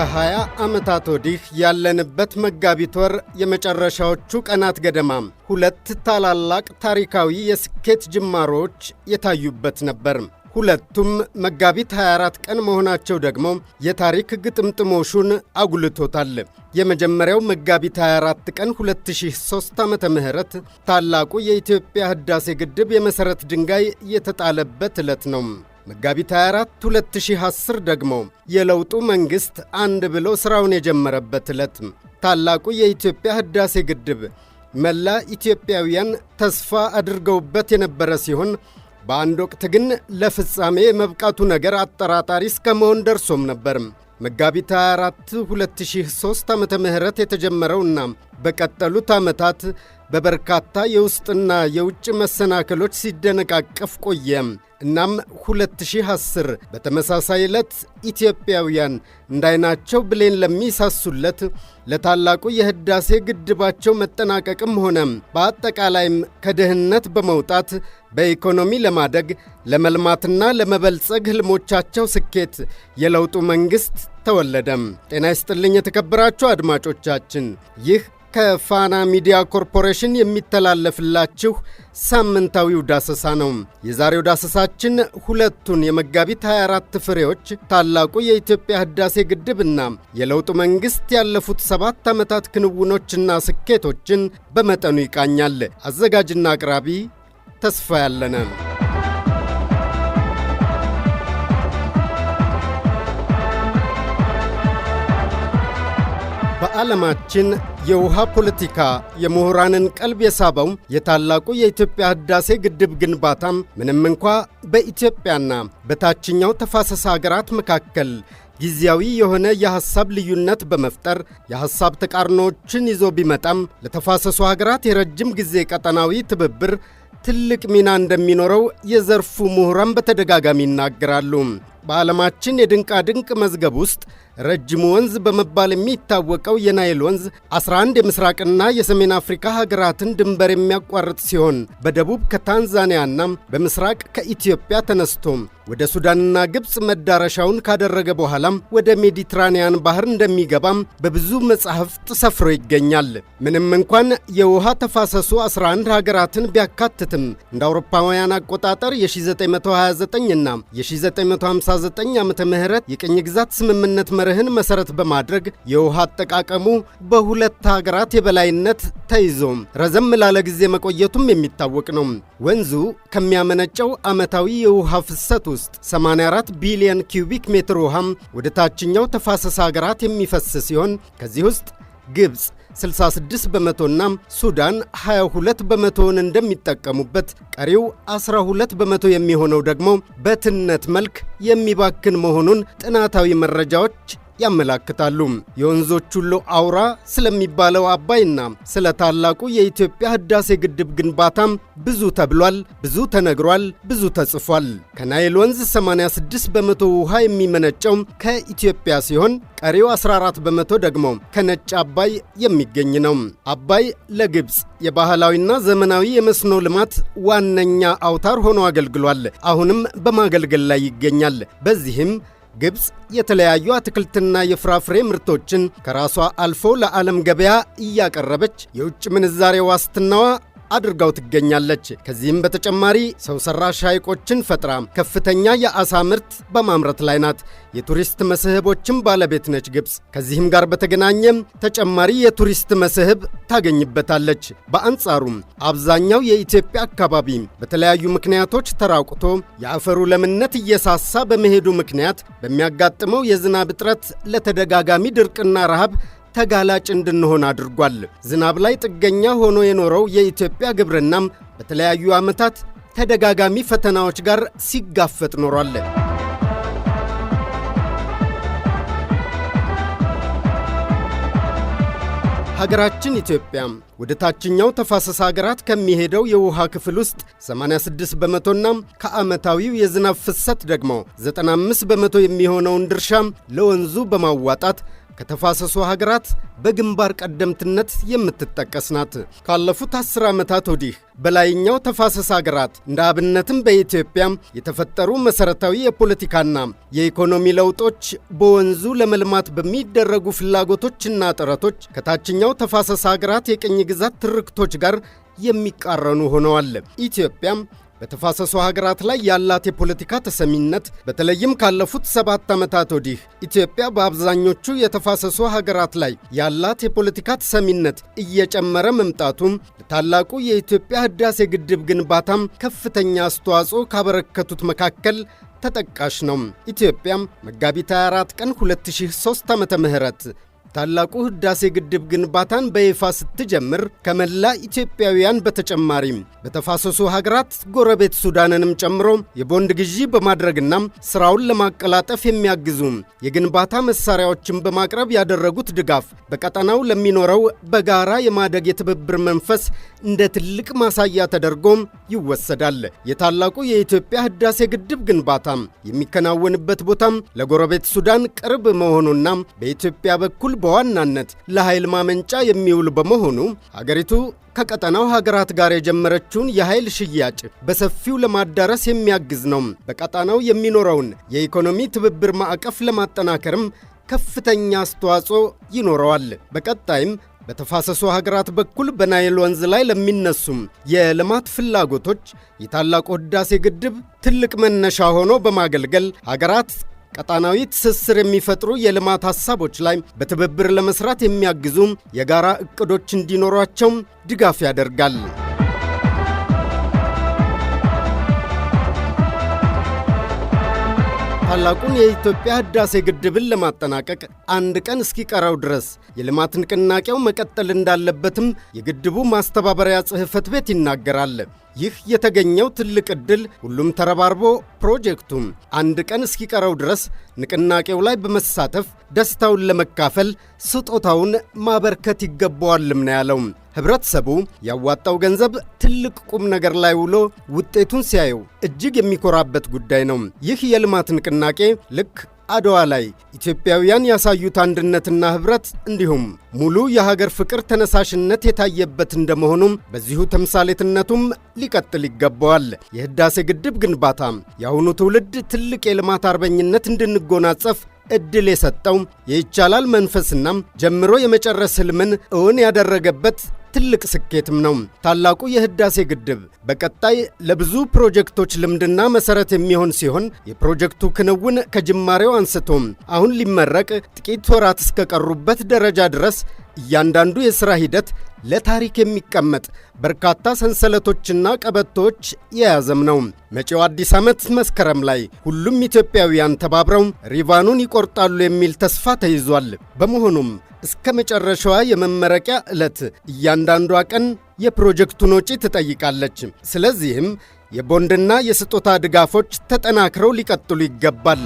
ከ20 ዓመታት ወዲህ ያለንበት መጋቢት ወር የመጨረሻዎቹ ቀናት ገደማ። ሁለት ታላላቅ ታሪካዊ የስኬት ጅማሮዎች የታዩበት ነበር። ሁለቱም መጋቢት 24 ቀን መሆናቸው ደግሞ የታሪክ ግጥምጥሞሹን አጉልቶታል። የመጀመሪያው መጋቢት 24 ቀን 2003 ዓ ምህረት ታላቁ የኢትዮጵያ ህዳሴ ግድብ የመሠረት ድንጋይ የተጣለበት ዕለት ነው። መጋቢት 24 2010 ደግሞ የለውጡ መንግሥት አንድ ብሎ ሥራውን የጀመረበት ዕለት ታላቁ የኢትዮጵያ ሕዳሴ ግድብ መላ ኢትዮጵያውያን ተስፋ አድርገውበት የነበረ ሲሆን በአንድ ወቅት ግን ለፍጻሜ የመብቃቱ ነገር አጠራጣሪ እስከ መሆን ደርሶም ነበር። መጋቢት 24 2003 ዓ ም የተጀመረውና በቀጠሉት ዓመታት በበርካታ የውስጥና የውጭ መሰናክሎች ሲደነቃቀፍ ቆየ እናም 2010 በተመሳሳይ ዕለት ኢትዮጵያውያን እንዳይናቸው ብሌን ለሚሳሱለት ለታላቁ የሕዳሴ ግድባቸው መጠናቀቅም ሆነ በአጠቃላይም ከድህነት በመውጣት በኢኮኖሚ ለማደግ ለመልማትና ለመበልጸግ ሕልሞቻቸው ስኬት የለውጡ መንግሥት ተወለደም። ጤና ይስጥልኝ የተከበራችሁ አድማጮቻችን ይህ ከፋና ሚዲያ ኮርፖሬሽን የሚተላለፍላችሁ ሳምንታዊው ዳሰሳ ነው። የዛሬው ዳሰሳችን ሁለቱን የመጋቢት 24 ፍሬዎች ታላቁ የኢትዮጵያ ግድብ ግድብና የለውጡ መንግሥት ያለፉት ሰባት ዓመታት ክንውኖችና ስኬቶችን በመጠኑ ይቃኛል። አዘጋጅና አቅራቢ ተስፋ ያለነ በዓለማችን የውሃ ፖለቲካ የምሁራንን ቀልብ የሳበው የታላቁ የኢትዮጵያ ህዳሴ ግድብ ግንባታም ምንም እንኳ በኢትዮጵያና በታችኛው ተፋሰስ አገራት መካከል ጊዜያዊ የሆነ የሐሳብ ልዩነት በመፍጠር የሐሳብ ተቃርኖዎችን ይዞ ቢመጣም ለተፋሰሱ ሀገራት የረጅም ጊዜ ቀጠናዊ ትብብር ትልቅ ሚና እንደሚኖረው የዘርፉ ምሁራን በተደጋጋሚ ይናገራሉ። በዓለማችን የድንቃ ድንቅ መዝገብ ውስጥ ረጅሙ ወንዝ በመባል የሚታወቀው የናይል ወንዝ 11 የምስራቅና የሰሜን አፍሪካ ሀገራትን ድንበር የሚያቋርጥ ሲሆን በደቡብ ከታንዛኒያና በምስራቅ ከኢትዮጵያ ተነስቶ ወደ ሱዳንና ግብፅ መዳረሻውን ካደረገ በኋላም ወደ ሜዲትራንያን ባህር እንደሚገባም በብዙ መጻሕፍት ሰፍሮ ይገኛል። ምንም እንኳን የውሃ ተፋሰሱ 11 ሀገራትን ቢያካትትም እንደ አውሮፓውያን አቆጣጠር የ1929ና የ 1929 እና የ በ ዓመተ ምህረት የቅኝ ግዛት ስምምነት መርህን መሰረት በማድረግ የውሃ አጠቃቀሙ በሁለት ሀገራት የበላይነት ተይዞ ረዘም ላለ ጊዜ መቆየቱም የሚታወቅ ነው። ወንዙ ከሚያመነጨው ዓመታዊ የውሃ ፍሰት ውስጥ 84 ቢሊዮን ኪዩቢክ ሜትር ውሃም ወደ ታችኛው ተፋሰስ ሀገራት የሚፈስ ሲሆን ከዚህ ውስጥ ግብፅ 66 በመቶና ሱዳን 22 በመቶውን እንደሚጠቀሙበት፣ ቀሪው 12 በመቶ የሚሆነው ደግሞ በትነት መልክ የሚባክን መሆኑን ጥናታዊ መረጃዎች ያመላክታሉ። የወንዞች ሁሉ አውራ ስለሚባለው አባይና ስለ ታላቁ የኢትዮጵያ ህዳሴ ግድብ ግንባታም ብዙ ተብሏል፣ ብዙ ተነግሯል፣ ብዙ ተጽፏል። ከናይል ወንዝ 86 በመቶ ውሃ የሚመነጨው ከኢትዮጵያ ሲሆን ቀሪው 14 በመቶ ደግሞ ከነጭ አባይ የሚገኝ ነው። አባይ ለግብፅ የባህላዊና ዘመናዊ የመስኖ ልማት ዋነኛ አውታር ሆኖ አገልግሏል። አሁንም በማገልገል ላይ ይገኛል። በዚህም ግብፅ የተለያዩ አትክልትና የፍራፍሬ ምርቶችን ከራሷ አልፎ ለዓለም ገበያ እያቀረበች የውጭ ምንዛሬ ዋስትናዋ አድርጋው ትገኛለች። ከዚህም በተጨማሪ ሰው ሰራሽ ሐይቆችን ፈጥራ ከፍተኛ የአሳ ምርት በማምረት ላይ ናት። የቱሪስት መስህቦችም ባለቤት ነች ግብፅ። ከዚህም ጋር በተገናኘም ተጨማሪ የቱሪስት መስህብ ታገኝበታለች። በአንጻሩም አብዛኛው የኢትዮጵያ አካባቢ በተለያዩ ምክንያቶች ተራቁቶ የአፈሩ ለምነት እየሳሳ በመሄዱ ምክንያት በሚያጋጥመው የዝናብ እጥረት ለተደጋጋሚ ድርቅና ረሃብ ተጋላጭ እንድንሆን አድርጓል። ዝናብ ላይ ጥገኛ ሆኖ የኖረው የኢትዮጵያ ግብርናም በተለያዩ ዓመታት ተደጋጋሚ ፈተናዎች ጋር ሲጋፈጥ ኖሯል። ሀገራችን ኢትዮጵያ ወደ ታችኛው ተፋሰስ ሀገራት ከሚሄደው የውሃ ክፍል ውስጥ 86 በመቶና ከዓመታዊው የዝናብ ፍሰት ደግሞ 95 በመቶ የሚሆነውን ድርሻ ለወንዙ በማዋጣት ከተፋሰሱ ሀገራት በግንባር ቀደምትነት የምትጠቀስ ናት። ካለፉት አስር ዓመታት ወዲህ በላይኛው ተፋሰስ ሀገራት እንደ አብነትም በኢትዮጵያ የተፈጠሩ መሠረታዊ የፖለቲካና የኢኮኖሚ ለውጦች በወንዙ ለመልማት በሚደረጉ ፍላጎቶችና ጥረቶች ከታችኛው ተፋሰስ ሀገራት የቅኝ ግዛት ትርክቶች ጋር የሚቃረኑ ሆነዋል። ኢትዮጵያም በተፋሰሱ ሀገራት ላይ ያላት የፖለቲካ ተሰሚነት በተለይም ካለፉት ሰባት ዓመታት ወዲህ ኢትዮጵያ በአብዛኞቹ የተፋሰሱ ሀገራት ላይ ያላት የፖለቲካ ተሰሚነት እየጨመረ መምጣቱም ለታላቁ የኢትዮጵያ ሕዳሴ ግድብ ግንባታም ከፍተኛ አስተዋጽኦ ካበረከቱት መካከል ተጠቃሽ ነው። ኢትዮጵያም መጋቢት 24 ቀን 2003 ዓ.ም ታላቁ ህዳሴ ግድብ ግንባታን በይፋ ስትጀምር ከመላ ኢትዮጵያውያን በተጨማሪም በተፋሰሱ ሀገራት ጎረቤት ሱዳንንም ጨምሮ የቦንድ ግዢ በማድረግና ስራውን ለማቀላጠፍ የሚያግዙ የግንባታ መሳሪያዎችን በማቅረብ ያደረጉት ድጋፍ በቀጠናው ለሚኖረው በጋራ የማደግ የትብብር መንፈስ እንደ ትልቅ ማሳያ ተደርጎ ይወሰዳል። የታላቁ የኢትዮጵያ ህዳሴ ግድብ ግንባታ የሚከናወንበት ቦታም ለጎረቤት ሱዳን ቅርብ መሆኑና በኢትዮጵያ በኩል በዋናነት ለኃይል ማመንጫ የሚውል በመሆኑ አገሪቱ ከቀጠናው ሀገራት ጋር የጀመረችውን የኃይል ሽያጭ በሰፊው ለማዳረስ የሚያግዝ ነው። በቀጠናው የሚኖረውን የኢኮኖሚ ትብብር ማዕቀፍ ለማጠናከርም ከፍተኛ አስተዋጽኦ ይኖረዋል። በቀጣይም በተፋሰሱ ሀገራት በኩል በናይል ወንዝ ላይ ለሚነሱም የልማት ፍላጎቶች የታላቁ ህዳሴ ግድብ ትልቅ መነሻ ሆኖ በማገልገል ሀገራት ቀጣናዊ ትስስር የሚፈጥሩ የልማት ሀሳቦች ላይ በትብብር ለመስራት የሚያግዙ የጋራ እቅዶች እንዲኖሯቸው ድጋፍ ያደርጋል። ታላቁን የኢትዮጵያ ህዳሴ ግድብን ለማጠናቀቅ አንድ ቀን እስኪቀረው ድረስ የልማት ንቅናቄው መቀጠል እንዳለበትም የግድቡ ማስተባበሪያ ጽሕፈት ቤት ይናገራል። ይህ የተገኘው ትልቅ ዕድል ሁሉም ተረባርቦ ፕሮጀክቱም አንድ ቀን እስኪቀረው ድረስ ንቅናቄው ላይ በመሳተፍ ደስታውን ለመካፈል ስጦታውን ማበርከት ይገባዋልም ነው ያለው። ህብረተሰቡ ያዋጣው ገንዘብ ትልቅ ቁም ነገር ላይ ውሎ ውጤቱን ሲያየው እጅግ የሚኮራበት ጉዳይ ነው። ይህ የልማት ንቅናቄ ልክ አድዋ ላይ ኢትዮጵያውያን ያሳዩት አንድነትና ህብረት እንዲሁም ሙሉ የሀገር ፍቅር ተነሳሽነት የታየበት እንደመሆኑም በዚሁ ተምሳሌትነቱም ሊቀጥል ይገባዋል። የህዳሴ ግድብ ግንባታ የአሁኑ ትውልድ ትልቅ የልማት አርበኝነት እንድንጎናጸፍ እድል የሰጠው የይቻላል መንፈስና ጀምሮ የመጨረስ ህልምን እውን ያደረገበት ትልቅ ስኬትም ነው። ታላቁ የህዳሴ ግድብ በቀጣይ ለብዙ ፕሮጀክቶች ልምድና መሰረት የሚሆን ሲሆን የፕሮጀክቱ ክንውን ከጅማሬው አንስቶ አሁን ሊመረቅ ጥቂት ወራት እስከቀሩበት ደረጃ ድረስ እያንዳንዱ የሥራ ሂደት ለታሪክ የሚቀመጥ በርካታ ሰንሰለቶችና ቀበቶች የያዘም ነው። መጪው አዲስ ዓመት መስከረም ላይ ሁሉም ኢትዮጵያውያን ተባብረው ሪቫኑን ይቆርጣሉ የሚል ተስፋ ተይዟል። በመሆኑም እስከ መጨረሻዋ የመመረቂያ ዕለት እያንዳንዷ ቀን የፕሮጀክቱን ወጪ ትጠይቃለች። ስለዚህም የቦንድና የስጦታ ድጋፎች ተጠናክረው ሊቀጥሉ ይገባል።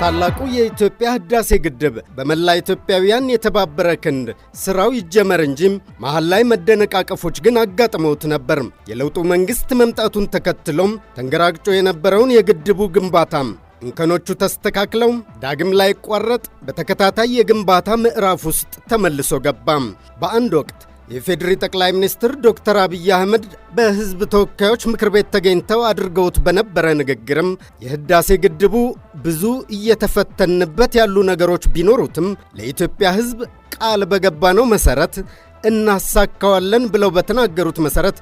ታላቁ የኢትዮጵያ ህዳሴ ግድብ በመላ ኢትዮጵያውያን የተባበረ ክንድ ስራው ይጀመር እንጂም መሀል ላይ መደነቃቀፎች ግን አጋጥመውት ነበር። የለውጡ መንግስት መምጣቱን ተከትሎም ተንገራግጮ የነበረውን የግድቡ ግንባታም እንከኖቹ ተስተካክለው ዳግም ላይቋረጥ በተከታታይ የግንባታ ምዕራፍ ውስጥ ተመልሶ ገባም። በአንድ ወቅት የፌዴሪ ጠቅላይ ሚኒስትር ዶክተር አብይ አህመድ በሕዝብ ተወካዮች ምክር ቤት ተገኝተው አድርገውት በነበረ ንግግርም የህዳሴ ግድቡ ብዙ እየተፈተንበት ያሉ ነገሮች ቢኖሩትም ለኢትዮጵያ ሕዝብ ቃል በገባነው መሠረት እናሳካዋለን ብለው በተናገሩት መሠረት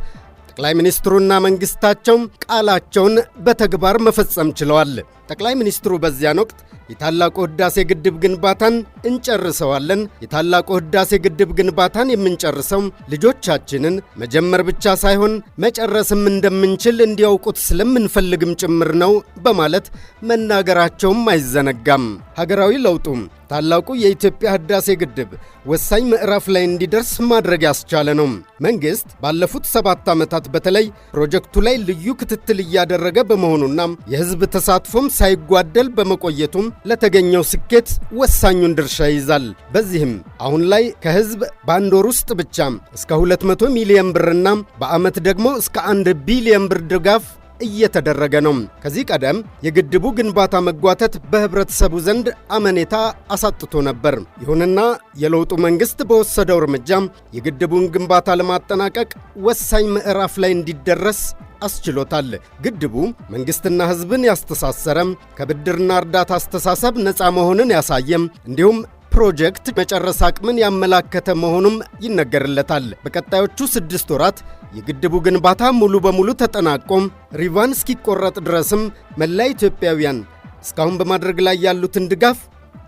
ጠቅላይ ሚኒስትሩና መንግስታቸው ቃላቸውን በተግባር መፈጸም ችለዋል። ጠቅላይ ሚኒስትሩ በዚያን ወቅት የታላቁ ህዳሴ ግድብ ግንባታን እንጨርሰዋለን፣ የታላቁ ህዳሴ ግድብ ግንባታን የምንጨርሰው ልጆቻችንን መጀመር ብቻ ሳይሆን መጨረስም እንደምንችል እንዲያውቁት ስለምንፈልግም ጭምር ነው በማለት መናገራቸውም አይዘነጋም። ሀገራዊ ለውጡ ታላቁ የኢትዮጵያ ህዳሴ ግድብ ወሳኝ ምዕራፍ ላይ እንዲደርስ ማድረግ ያስቻለ ነው። መንግሥት ባለፉት ሰባት ዓመታት በተለይ ፕሮጀክቱ ላይ ልዩ ክትትል እያደረገ በመሆኑና የህዝብ ተሳትፎም ሳይጓደል በመቆየቱም ለተገኘው ስኬት ወሳኙን ድርሻ ይይዛል። በዚህም አሁን ላይ ከህዝብ በአንድ ወር ውስጥ ብቻ እስከ 200 ሚሊዮን ብርና በዓመት ደግሞ እስከ 1 ቢሊዮን ብር ድጋፍ እየተደረገ ነው። ከዚህ ቀደም የግድቡ ግንባታ መጓተት በህብረተሰቡ ዘንድ አመኔታ አሳጥቶ ነበር። ይሁንና የለውጡ መንግስት በወሰደው እርምጃም የግድቡን ግንባታ ለማጠናቀቅ ወሳኝ ምዕራፍ ላይ እንዲደረስ አስችሎታል። ግድቡ መንግስትና ህዝብን ያስተሳሰረም፣ ከብድርና እርዳታ አስተሳሰብ ነፃ መሆንን ያሳየም እንዲሁም ፕሮጀክት መጨረስ አቅምን ያመላከተ መሆኑም ይነገርለታል። በቀጣዮቹ ስድስት ወራት የግድቡ ግንባታ ሙሉ በሙሉ ተጠናቆም ሪቫን እስኪቆረጥ ድረስም መላ ኢትዮጵያውያን እስካሁን በማድረግ ላይ ያሉትን ድጋፍ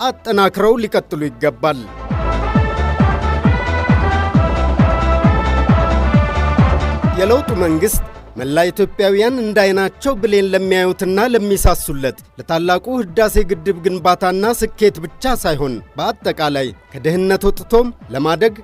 አጠናክረው ሊቀጥሉ ይገባል። የለውጡ መንግሥት መላ ኢትዮጵያውያን እንዳይናቸው ብሌን ለሚያዩትና ለሚሳሱለት ለታላቁ ሕዳሴ ግድብ ግንባታና ስኬት ብቻ ሳይሆን በአጠቃላይ ከድህነት ወጥቶም ለማደግ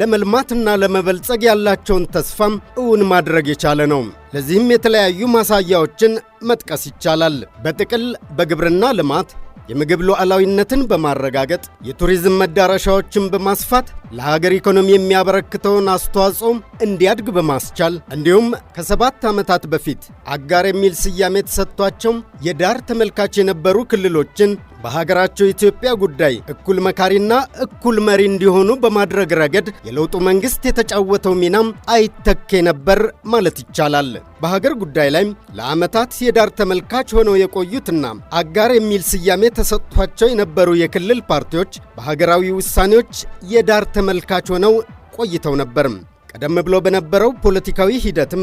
ለመልማትና ለመበልጸግ ያላቸውን ተስፋም እውን ማድረግ የቻለ ነው። ለዚህም የተለያዩ ማሳያዎችን መጥቀስ ይቻላል። በጥቅል በግብርና ልማት የምግብ ሉዓላዊነትን በማረጋገጥ የቱሪዝም መዳረሻዎችን በማስፋት ለሀገር ኢኮኖሚ የሚያበረክተውን አስተዋጽኦም እንዲያድግ በማስቻል እንዲሁም ከሰባት ዓመታት በፊት አጋር የሚል ስያሜ የተሰጥቷቸው የዳር ተመልካች የነበሩ ክልሎችን በሀገራቸው ኢትዮጵያ ጉዳይ እኩል መካሪና እኩል መሪ እንዲሆኑ በማድረግ ረገድ የለውጡ መንግስት የተጫወተው ሚናም አይተኬ ነበር ማለት ይቻላል። በሀገር ጉዳይ ላይ ለዓመታት የዳር ተመልካች ሆነው የቆዩትና አጋር የሚል ስያሜ ተሰጥቷቸው የነበሩ የክልል ፓርቲዎች በሀገራዊ ውሳኔዎች የዳር ተመልካች ሆነው ቆይተው ነበር። ቀደም ብሎ በነበረው ፖለቲካዊ ሂደትም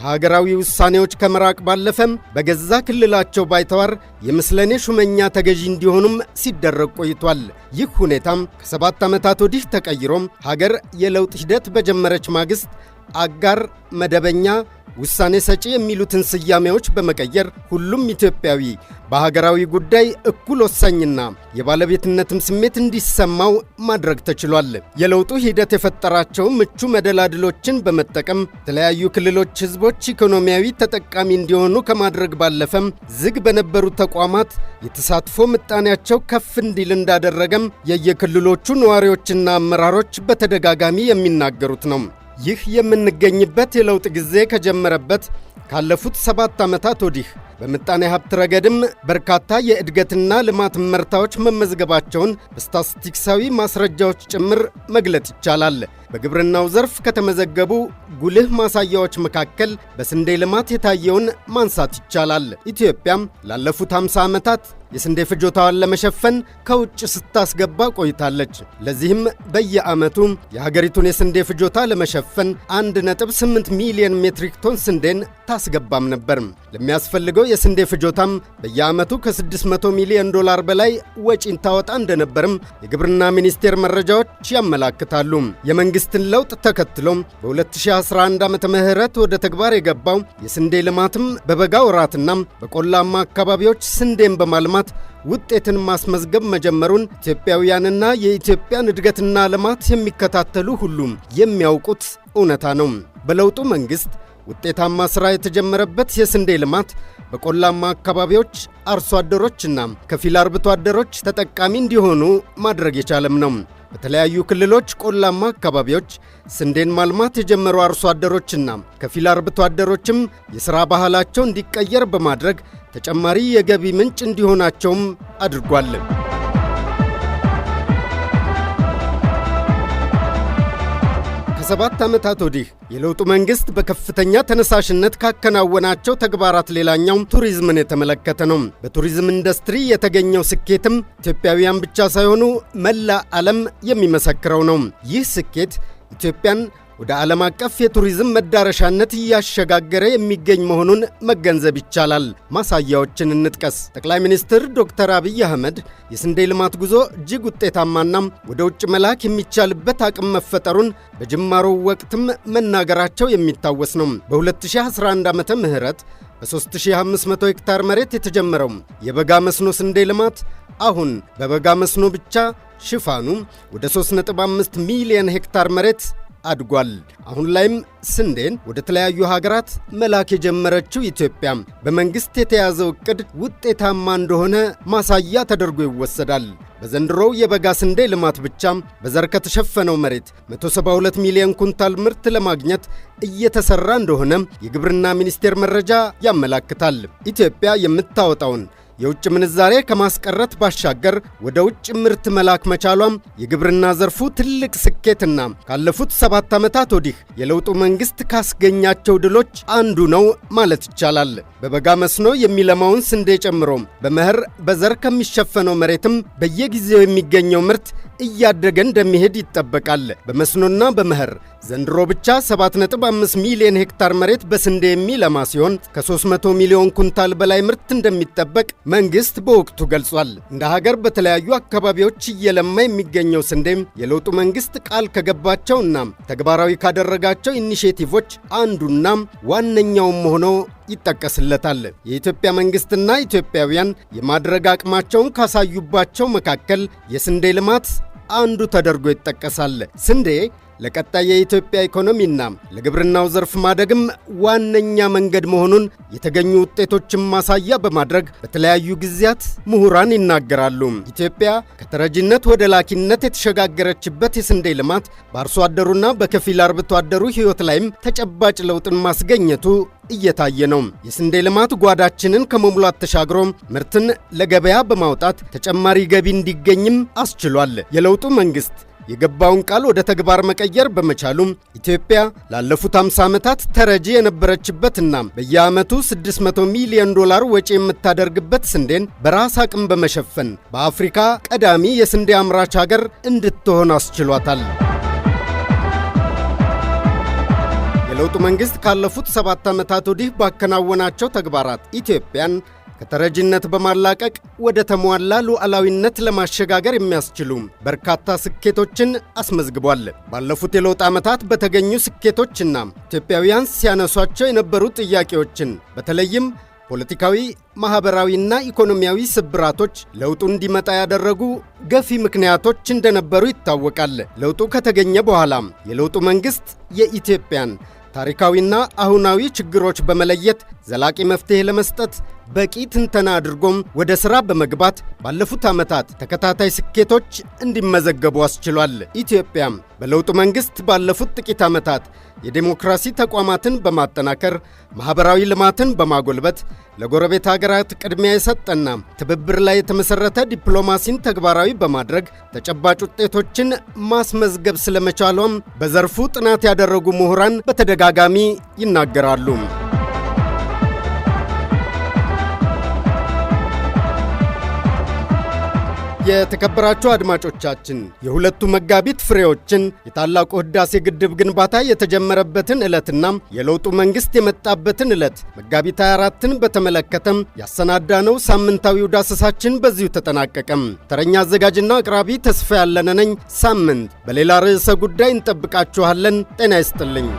ከሀገራዊ ውሳኔዎች ከመራቅ ባለፈም በገዛ ክልላቸው ባይተዋር የምስለኔ ሹመኛ ተገዢ እንዲሆኑም ሲደረግ ቆይቷል። ይህ ሁኔታም ከሰባት ዓመታት ወዲህ ተቀይሮም ሀገር የለውጥ ሂደት በጀመረች ማግስት አጋር መደበኛ ውሳኔ ሰጪ የሚሉትን ስያሜዎች በመቀየር ሁሉም ኢትዮጵያዊ በሀገራዊ ጉዳይ እኩል ወሳኝና የባለቤትነትም ስሜት እንዲሰማው ማድረግ ተችሏል። የለውጡ ሂደት የፈጠራቸው ምቹ መደላድሎችን በመጠቀም የተለያዩ ክልሎች ህዝቦች ኢኮኖሚያዊ ተጠቃሚ እንዲሆኑ ከማድረግ ባለፈም ዝግ በነበሩ ተቋማት የተሳትፎ ምጣኔያቸው ከፍ እንዲል እንዳደረገም የየክልሎቹ ነዋሪዎችና አመራሮች በተደጋጋሚ የሚናገሩት ነው። ይህ የምንገኝበት የለውጥ ጊዜ ከጀመረበት ካለፉት ሰባት ዓመታት ወዲህ በምጣኔ ሀብት ረገድም በርካታ የእድገትና ልማት መርታዎች መመዝገባቸውን በስታስቲክሳዊ ማስረጃዎች ጭምር መግለጥ ይቻላል። በግብርናው ዘርፍ ከተመዘገቡ ጉልህ ማሳያዎች መካከል በስንዴ ልማት የታየውን ማንሳት ይቻላል። ኢትዮጵያም ላለፉት 50 ዓመታት የስንዴ ፍጆታዋን ለመሸፈን ከውጭ ስታስገባ ቆይታለች። ለዚህም በየዓመቱ የሀገሪቱን የስንዴ ፍጆታ ለመሸፈን 1.8 ሚሊዮን ሜትሪክ ቶን ስንዴን አታስገባም ነበር። ለሚያስፈልገው የስንዴ ፍጆታም በየዓመቱ ከ600 ሚሊዮን ዶላር በላይ ወጪን ታወጣ እንደነበርም የግብርና ሚኒስቴር መረጃዎች ያመላክታሉ። የመንግሥትን ለውጥ ተከትሎም በ2011 ዓመተ ምህረት ወደ ተግባር የገባው የስንዴ ልማትም በበጋ ወራትና በቆላማ አካባቢዎች ስንዴን በማልማት ውጤትን ማስመዝገብ መጀመሩን ኢትዮጵያውያንና የኢትዮጵያን እድገትና ልማት የሚከታተሉ ሁሉም የሚያውቁት እውነታ ነው። በለውጡ መንግሥት ውጤታማ ሥራ የተጀመረበት የስንዴ ልማት በቆላማ አካባቢዎች አርሶ አደሮችና ከፊል አርብቶ አደሮች ተጠቃሚ እንዲሆኑ ማድረግ የቻለም ነው። በተለያዩ ክልሎች ቆላማ አካባቢዎች ስንዴን ማልማት የጀመሩ አርሶ አደሮችና ከፊል አርብቶ አደሮችም የሥራ ባህላቸው እንዲቀየር በማድረግ ተጨማሪ የገቢ ምንጭ እንዲሆናቸውም አድርጓል። ከሰባት ዓመታት ወዲህ የለውጡ መንግስት በከፍተኛ ተነሳሽነት ካከናወናቸው ተግባራት ሌላኛው ቱሪዝምን የተመለከተ ነው። በቱሪዝም ኢንዱስትሪ የተገኘው ስኬትም ኢትዮጵያውያን ብቻ ሳይሆኑ መላ ዓለም የሚመሰክረው ነው። ይህ ስኬት ኢትዮጵያን ወደ ዓለም አቀፍ የቱሪዝም መዳረሻነት እያሸጋገረ የሚገኝ መሆኑን መገንዘብ ይቻላል። ማሳያዎችን እንጥቀስ። ጠቅላይ ሚኒስትር ዶክተር አብይ አህመድ የስንዴ ልማት ጉዞ እጅግ ውጤታማናም ወደ ውጭ መላክ የሚቻልበት አቅም መፈጠሩን በጅማሮው ወቅትም መናገራቸው የሚታወስ ነው። በ2011 ዓ ም በ3500 ሄክታር መሬት የተጀመረው የበጋ መስኖ ስንዴ ልማት አሁን በበጋ መስኖ ብቻ ሽፋኑ ወደ 3.5 ሚሊዮን ሄክታር መሬት አድጓል። አሁን ላይም ስንዴን ወደ ተለያዩ ሀገራት መላክ የጀመረችው ኢትዮጵያ በመንግሥት የተያዘው ዕቅድ ውጤታማ እንደሆነ ማሳያ ተደርጎ ይወሰዳል። በዘንድሮው የበጋ ስንዴ ልማት ብቻ በዘር ከተሸፈነው መሬት 172 ሚሊዮን ኩንታል ምርት ለማግኘት እየተሰራ እንደሆነ የግብርና ሚኒስቴር መረጃ ያመላክታል። ኢትዮጵያ የምታወጣውን የውጭ ምንዛሬ ከማስቀረት ባሻገር ወደ ውጭ ምርት መላክ መቻሏም የግብርና ዘርፉ ትልቅ ስኬትና ካለፉት ሰባት ዓመታት ወዲህ የለውጡ መንግሥት ካስገኛቸው ድሎች አንዱ ነው ማለት ይቻላል። በበጋ መስኖ የሚለማውን ስንዴ ጨምሮ በመኸር በዘር ከሚሸፈነው መሬትም በየጊዜው የሚገኘው ምርት እያደገ እንደሚሄድ ይጠበቃል። በመስኖና በመኸር ዘንድሮ ብቻ 7.5 ሚሊዮን ሄክታር መሬት በስንዴ የሚለማ ሲሆን ከ300 ሚሊዮን ኩንታል በላይ ምርት እንደሚጠበቅ መንግስት በወቅቱ ገልጿል። እንደ ሀገር በተለያዩ አካባቢዎች እየለማ የሚገኘው ስንዴም የለውጡ መንግስት ቃል ከገባቸውና ተግባራዊ ካደረጋቸው ኢኒሼቲቮች አንዱናም ዋነኛውም ሆኖ ይጠቀስለታል። የኢትዮጵያ መንግስትና ኢትዮጵያውያን የማድረግ አቅማቸውን ካሳዩባቸው መካከል የስንዴ ልማት አንዱ ተደርጎ ይጠቀሳል። ስንዴ ለቀጣይ የኢትዮጵያ ኢኮኖሚና ለግብርናው ዘርፍ ማደግም ዋነኛ መንገድ መሆኑን የተገኙ ውጤቶችን ማሳያ በማድረግ በተለያዩ ጊዜያት ምሁራን ይናገራሉ። ኢትዮጵያ ከተረጅነት ወደ ላኪነት የተሸጋገረችበት የስንዴ ልማት በአርሶ አደሩና በከፊል አርብቶ አደሩ ሕይወት ላይም ተጨባጭ ለውጥን ማስገኘቱ እየታየ ነው። የስንዴ ልማት ጓዳችንን ከመሙላት ተሻግሮ ምርትን ለገበያ በማውጣት ተጨማሪ ገቢ እንዲገኝም አስችሏል። የለውጡ መንግስት የገባውን ቃል ወደ ተግባር መቀየር በመቻሉም ኢትዮጵያ ላለፉት 50 ዓመታት ተረጂ የነበረችበትና በየዓመቱ 600 ሚሊዮን ዶላር ወጪ የምታደርግበት ስንዴን በራስ አቅም በመሸፈን በአፍሪካ ቀዳሚ የስንዴ አምራች ሀገር እንድትሆን አስችሏታል። የለውጡ መንግሥት ካለፉት ሰባት ዓመታት ወዲህ ባከናወናቸው ተግባራት ኢትዮጵያን ከተረጅነት በማላቀቅ ወደ ተሟላ ሉዓላዊነት ለማሸጋገር የሚያስችሉ በርካታ ስኬቶችን አስመዝግቧል። ባለፉት የለውጥ ዓመታት በተገኙ ስኬቶችና ኢትዮጵያውያን ሲያነሷቸው የነበሩ ጥያቄዎችን በተለይም ፖለቲካዊ፣ ማኅበራዊና ኢኮኖሚያዊ ስብራቶች ለውጡ እንዲመጣ ያደረጉ ገፊ ምክንያቶች እንደነበሩ ይታወቃል። ለውጡ ከተገኘ በኋላም የለውጡ መንግሥት የኢትዮጵያን ታሪካዊና አሁናዊ ችግሮች በመለየት ዘላቂ መፍትሄ ለመስጠት በቂ ትንተና አድርጎም ወደ ሥራ በመግባት ባለፉት ዓመታት ተከታታይ ስኬቶች እንዲመዘገቡ አስችሏል። ኢትዮጵያም በለውጡ መንግሥት ባለፉት ጥቂት ዓመታት የዴሞክራሲ ተቋማትን በማጠናከር ማኅበራዊ ልማትን በማጎልበት ለጎረቤት ሀገራት ቅድሚያ የሰጠና ትብብር ላይ የተመሠረተ ዲፕሎማሲን ተግባራዊ በማድረግ ተጨባጭ ውጤቶችን ማስመዝገብ ስለመቻሏም በዘርፉ ጥናት ያደረጉ ምሁራን በተደጋጋሚ ይናገራሉ። የተከበራችሁ አድማጮቻችን የሁለቱ መጋቢት ፍሬዎችን የታላቁ ህዳሴ ግድብ ግንባታ የተጀመረበትን ዕለትና የለውጡ መንግሥት የመጣበትን ዕለት መጋቢት 24ን በተመለከተም ያሰናዳነው ሳምንታዊው ዳሰሳችን በዚሁ ተጠናቀቀም። ተረኛ አዘጋጅና አቅራቢ ተስፋ ያለነነኝ ሳምንት በሌላ ርዕሰ ጉዳይ እንጠብቃችኋለን። ጤና ይስጥልኝ።